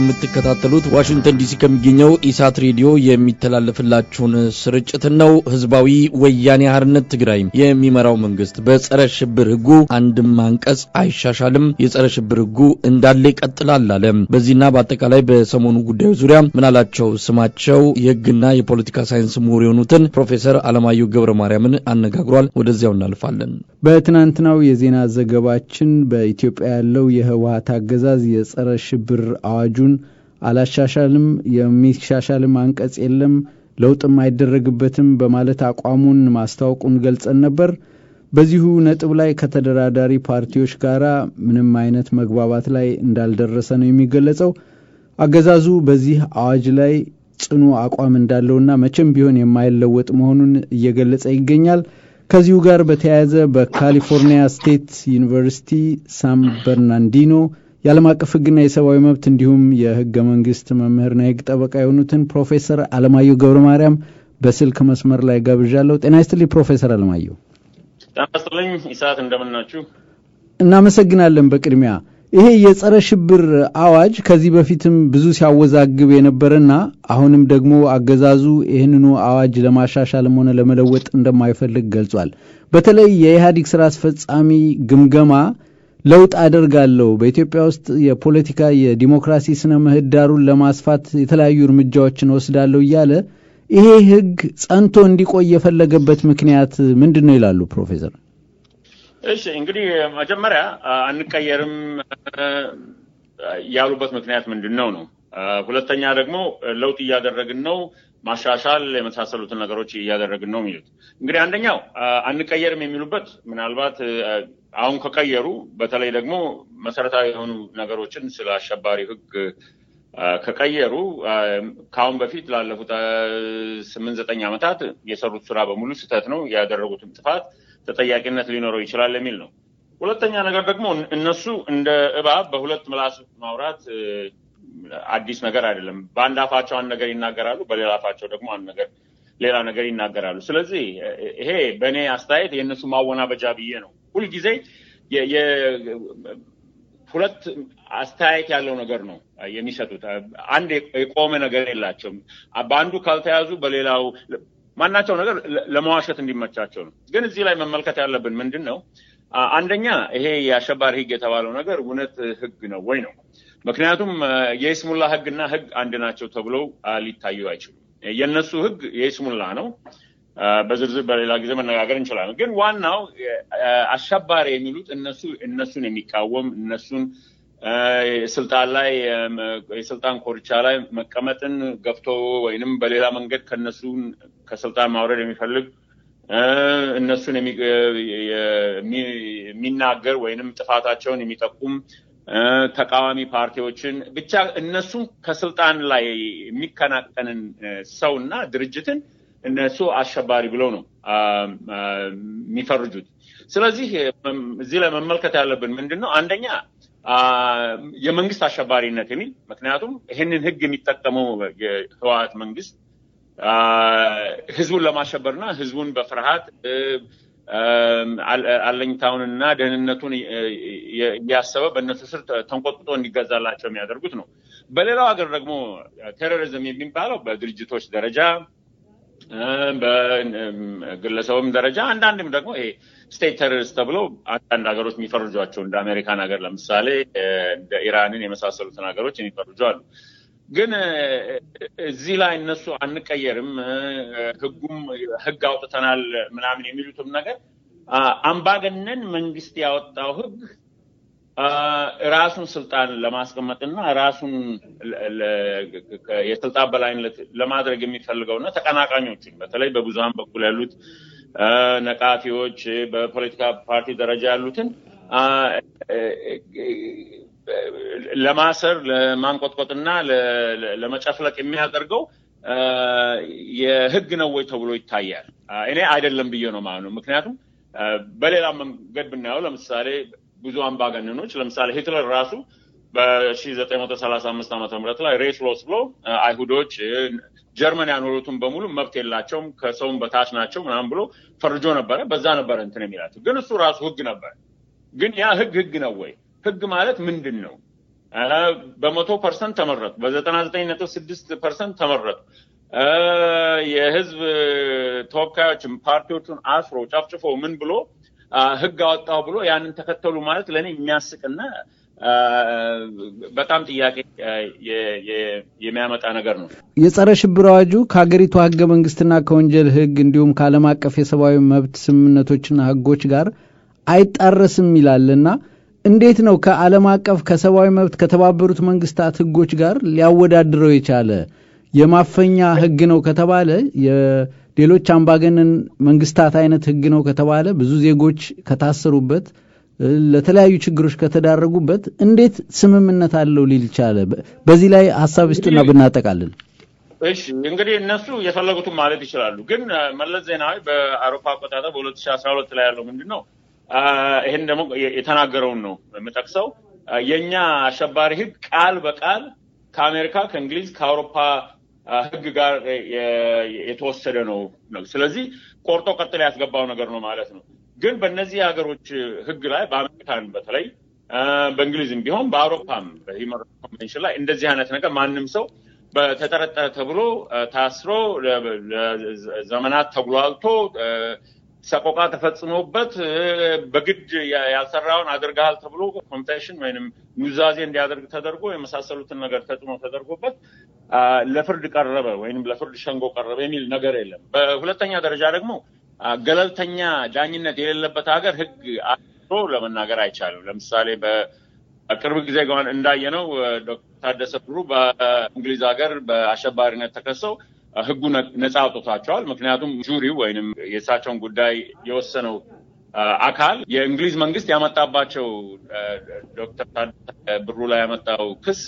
የምትከታተሉት ዋሽንግተን ዲሲ ከሚገኘው ኢሳት ሬዲዮ የሚተላለፍላችሁን ስርጭት ነው። ህዝባዊ ወያኔ ሓርነት ትግራይ የሚመራው መንግስት በጸረ ሽብር ህጉ አንድም አንቀጽ አይሻሻልም፣ የጸረ ሽብር ህጉ እንዳለ ይቀጥላል አለ። በዚህና በአጠቃላይ በሰሞኑ ጉዳዮች ዙሪያ ምናላቸው ስማቸው የህግና የፖለቲካ ሳይንስ ምሁር የሆኑትን ፕሮፌሰር አለማየሁ ገብረ ማርያምን አነጋግሯል። ወደዚያው እናልፋለን። በትናንትናው የዜና ዘገባችን በኢትዮጵያ ያለው የህወሀት አገዛዝ የጸረ ሽብር አዋጁን አላሻሻልም፣ የሚሻሻልም አንቀጽ የለም፣ ለውጥም አይደረግበትም በማለት አቋሙን ማስታወቁን ገልጸን ነበር። በዚሁ ነጥብ ላይ ከተደራዳሪ ፓርቲዎች ጋር ምንም አይነት መግባባት ላይ እንዳልደረሰ ነው የሚገለጸው። አገዛዙ በዚህ አዋጅ ላይ ጽኑ አቋም እንዳለውና መቼም ቢሆን የማይለወጥ መሆኑን እየገለጸ ይገኛል። ከዚሁ ጋር በተያያዘ በካሊፎርኒያ ስቴት ዩኒቨርሲቲ ሳን በርናንዲኖ የዓለም አቀፍ ህግና የሰብአዊ መብት እንዲሁም የህገ መንግስት መምህርና የህግ ጠበቃ የሆኑትን ፕሮፌሰር አለማየሁ ገብረ ማርያም በስልክ መስመር ላይ ጋብዣለሁ። ጤና ይስጥልኝ ፕሮፌሰር አለማየሁ። ጤና ይስጥልኝ እንደምናችሁ። እናመሰግናለን። በቅድሚያ ይሄ የጸረ ሽብር አዋጅ ከዚህ በፊትም ብዙ ሲያወዛግብ የነበረና አሁንም ደግሞ አገዛዙ ይህንኑ አዋጅ ለማሻሻልም ሆነ ለመለወጥ እንደማይፈልግ ገልጿል። በተለይ የኢህአዲግ ስራ አስፈጻሚ ግምገማ ለውጥ አደርጋለሁ፣ በኢትዮጵያ ውስጥ የፖለቲካ የዲሞክራሲ ስነ ምህዳሩን ለማስፋት የተለያዩ እርምጃዎችን ወስዳለሁ እያለ ይሄ ህግ ጸንቶ እንዲቆይ የፈለገበት ምክንያት ምንድን ነው ይላሉ ፕሮፌሰር? እሺ እንግዲህ መጀመሪያ አንቀየርም ያሉበት ምክንያት ምንድን ነው ነው። ሁለተኛ ደግሞ ለውጥ እያደረግን ነው፣ ማሻሻል የመሳሰሉትን ነገሮች እያደረግን ነው የሚሉት እንግዲህ አንደኛው አንቀየርም የሚሉበት ምናልባት አሁን ከቀየሩ በተለይ ደግሞ መሰረታዊ የሆኑ ነገሮችን ስለ አሸባሪ ህግ ከቀየሩ ከአሁን በፊት ላለፉት ስምንት ዘጠኝ ዓመታት የሰሩት ስራ በሙሉ ስህተት ነው፣ ያደረጉትም ጥፋት ተጠያቂነት ሊኖረው ይችላል የሚል ነው። ሁለተኛ ነገር ደግሞ እነሱ እንደ እባብ በሁለት ምላስ ማውራት አዲስ ነገር አይደለም። በአንድ አፋቸው አንድ ነገር ይናገራሉ፣ በሌላ አፋቸው ደግሞ አንድ ነገር ሌላ ነገር ይናገራሉ። ስለዚህ ይሄ በእኔ አስተያየት የእነሱ ማወናበጃ ብዬ ነው ሁልጊዜ ሁለት አስተያየት ያለው ነገር ነው የሚሰጡት። አንድ የቆመ ነገር የላቸውም። በአንዱ ካልተያዙ በሌላው ማናቸው ነገር ለመዋሸት እንዲመቻቸው ነው። ግን እዚህ ላይ መመልከት ያለብን ምንድን ነው? አንደኛ ይሄ የአሸባሪ ህግ የተባለው ነገር እውነት ህግ ነው ወይ ነው? ምክንያቱም የይስሙላ ህግና ህግ አንድ ናቸው ተብለው ሊታዩ አይችሉም። የእነሱ ህግ የይስሙላ ነው። በዝርዝር በሌላ ጊዜ መነጋገር እንችላለን። ግን ዋናው አሸባሪ የሚሉት እነሱ እነሱን የሚቃወም እነሱን ስልጣን ላይ የስልጣን ኮርቻ ላይ መቀመጥን ገፍቶ ወይንም በሌላ መንገድ ከነሱን ከስልጣን ማውረድ የሚፈልግ እነሱን የሚናገር ወይንም ጥፋታቸውን የሚጠቁም ተቃዋሚ ፓርቲዎችን ብቻ እነሱን ከስልጣን ላይ የሚከናቀንን ሰውና ድርጅትን እነሱ አሸባሪ ብለው ነው የሚፈርጁት። ስለዚህ እዚህ ላይ መመልከት ያለብን ምንድን ነው? አንደኛ የመንግስት አሸባሪነት የሚል ምክንያቱም ይህንን ህግ የሚጠቀመው የህወሓት መንግስት ህዝቡን ለማሸበርና ህዝቡን በፍርሃት አለኝታውንና ደህንነቱን እያሰበ በእነሱ ስር ተንቆጥቁጦ እንዲገዛላቸው የሚያደርጉት ነው። በሌላው ሀገር ደግሞ ቴሮሪዝም የሚባለው በድርጅቶች ደረጃ በግለሰቡም ደረጃ አንዳንድም ደግሞ ይሄ ስቴት ተሪስት ተብሎ አንዳንድ ሀገሮች የሚፈርጇቸው እንደ አሜሪካን ሀገር ለምሳሌ እንደ ኢራንን የመሳሰሉትን ሀገሮች የሚፈርጁ አሉ። ግን እዚህ ላይ እነሱ አንቀየርም፣ ህጉም ህግ አውጥተናል ምናምን የሚሉትም ነገር አምባገነን መንግስት ያወጣው ህግ ራሱን ስልጣን ለማስቀመጥና ራሱን የስልጣን በላይነት ለማድረግ የሚፈልገውና ተቀናቃኞች በተለይ በብዙሀን በኩል ያሉት ነቃፊዎች፣ በፖለቲካ ፓርቲ ደረጃ ያሉትን ለማሰር ለማንቆጥቆጥና ለመጨፍለቅ የሚያደርገው የህግ ነው ወይ ተብሎ ይታያል። እኔ አይደለም ብዬ ነው ማለት ነው። ምክንያቱም በሌላ መንገድ ብናየው ለምሳሌ ብዙ አምባገነኖች ለምሳሌ ሂትለር ራሱ በ1935 ዓ ም ላይ ሬስ ሎስ ብሎ አይሁዶች ጀርመን ያኖሩትን በሙሉ መብት የላቸውም ከሰውም በታች ናቸው ምናም ብሎ ፈርጆ ነበረ። በዛ ነበረ እንትን የሚላቸው ግን እሱ ራሱ ህግ ነበር። ግን ያ ህግ ህግ ነው ወይ? ህግ ማለት ምንድን ነው? በመቶ ፐርሰንት ተመረጡ፣ በዘጠና ዘጠኝ ነጥብ ስድስት ፐርሰንት ተመረጡ። የህዝብ ተወካዮችን ፓርቲዎቹን አስሮ ጨፍጭፎ ምን ብሎ ህግ አወጣው ብሎ ያንን ተከተሉ ማለት ለእኔ የሚያስቅና በጣም ጥያቄ የሚያመጣ ነገር ነው። የጸረ ሽብር አዋጁ ከሀገሪቱ ህገ መንግስትና ከወንጀል ህግ እንዲሁም ከዓለም አቀፍ የሰብአዊ መብት ስምምነቶችና ህጎች ጋር አይጣረስም ይላል እና እንዴት ነው ከዓለም አቀፍ ከሰብአዊ መብት ከተባበሩት መንግስታት ህጎች ጋር ሊያወዳድረው የቻለ? የማፈኛ ህግ ነው ከተባለ ሌሎች አምባገነን መንግስታት አይነት ህግ ነው ከተባለ ብዙ ዜጎች ከታሰሩበት ለተለያዩ ችግሮች ከተዳረጉበት እንዴት ስምምነት አለው ሊል ቻለ? በዚህ ላይ ሀሳብ ይስጡና ብናጠቃልል። እሺ እንግዲህ እነሱ የፈለጉትን ማለት ይችላሉ። ግን መለስ ዜናዊ በአውሮፓ አቆጣጠር በ2012 ላይ ያለው ምንድን ነው? ይህን ደግሞ የተናገረውን ነው የምጠቅሰው። የእኛ አሸባሪ ህግ ቃል በቃል ከአሜሪካ፣ ከእንግሊዝ፣ ከአውሮፓ ህግ ጋር የተወሰደ ነው። ስለዚህ ቆርጦ ቀጥሎ ያስገባው ነገር ነው ማለት ነው። ግን በእነዚህ ሀገሮች ህግ ላይ በአሜሪካን በተለይ በእንግሊዝም ቢሆን በአውሮፓም በሂውማን ኮንቬንሽን ላይ እንደዚህ አይነት ነገር ማንም ሰው በተጠረጠረ ተብሎ ታስሮ ዘመናት ተጉላልቶ ሰቆቃ ተፈጽሞበት በግድ ያልሰራውን አድርገሃል ተብሎ ኮምፒቴሽን ወይም ኑዛዜ እንዲያደርግ ተደርጎ የመሳሰሉትን ነገር ተጽዕኖ ተደርጎበት ለፍርድ ቀረበ ወይም ለፍርድ ሸንጎ ቀረበ የሚል ነገር የለም። በሁለተኛ ደረጃ ደግሞ ገለልተኛ ዳኝነት የሌለበት ሀገር ህግ አቶ ለመናገር አይቻልም። ለምሳሌ በቅርብ ጊዜ እንዳየነው ዶክተር ታደሰ ብሩ በእንግሊዝ ሀገር በአሸባሪነት ተከሰው ህጉ ነፃ አውጥቷቸዋል። ምክንያቱም ጁሪ ወይንም የእሳቸውን ጉዳይ የወሰነው አካል የእንግሊዝ መንግስት ያመጣባቸው ዶክተር ብሩ ላይ ያመጣው ክስ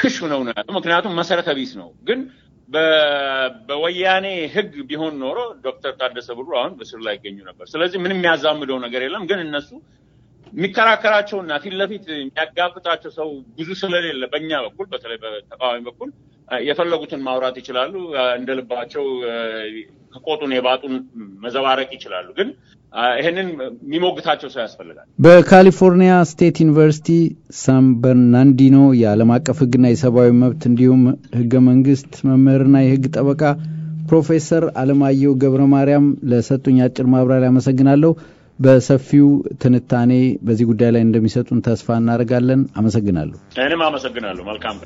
ክሽ ነው ነው ምክንያቱም መሰረተ ቢስ ነው። ግን በወያኔ ህግ ቢሆን ኖሮ ዶክተር ታደሰ ብሩ አሁን በስር ላይ ይገኙ ነበር። ስለዚህ ምንም የሚያዛምደው ነገር የለም። ግን እነሱ የሚከራከራቸውና ፊት ለፊት የሚያጋፍጣቸው ሰው ብዙ ስለሌለ በእኛ በኩል በተለይ በተቃዋሚ በኩል የፈለጉትን ማውራት ይችላሉ። እንደልባቸው ቆጡን ከቆጡን የባጡን መዘባረቅ ይችላሉ። ግን ይህንን የሚሞግታቸው ሰው ያስፈልጋል። በካሊፎርኒያ ስቴት ዩኒቨርሲቲ ሳን በርናንዲኖ የዓለም አቀፍ ሕግና የሰብአዊ መብት እንዲሁም ሕገ መንግስት መምህርና የሕግ ጠበቃ ፕሮፌሰር አለማየሁ ገብረ ማርያም ለሰጡኝ አጭር ማብራሪያ አመሰግናለሁ። በሰፊው ትንታኔ በዚህ ጉዳይ ላይ እንደሚሰጡን ተስፋ እናደርጋለን። አመሰግናለሁ። እኔም አመሰግናለሁ። መልካም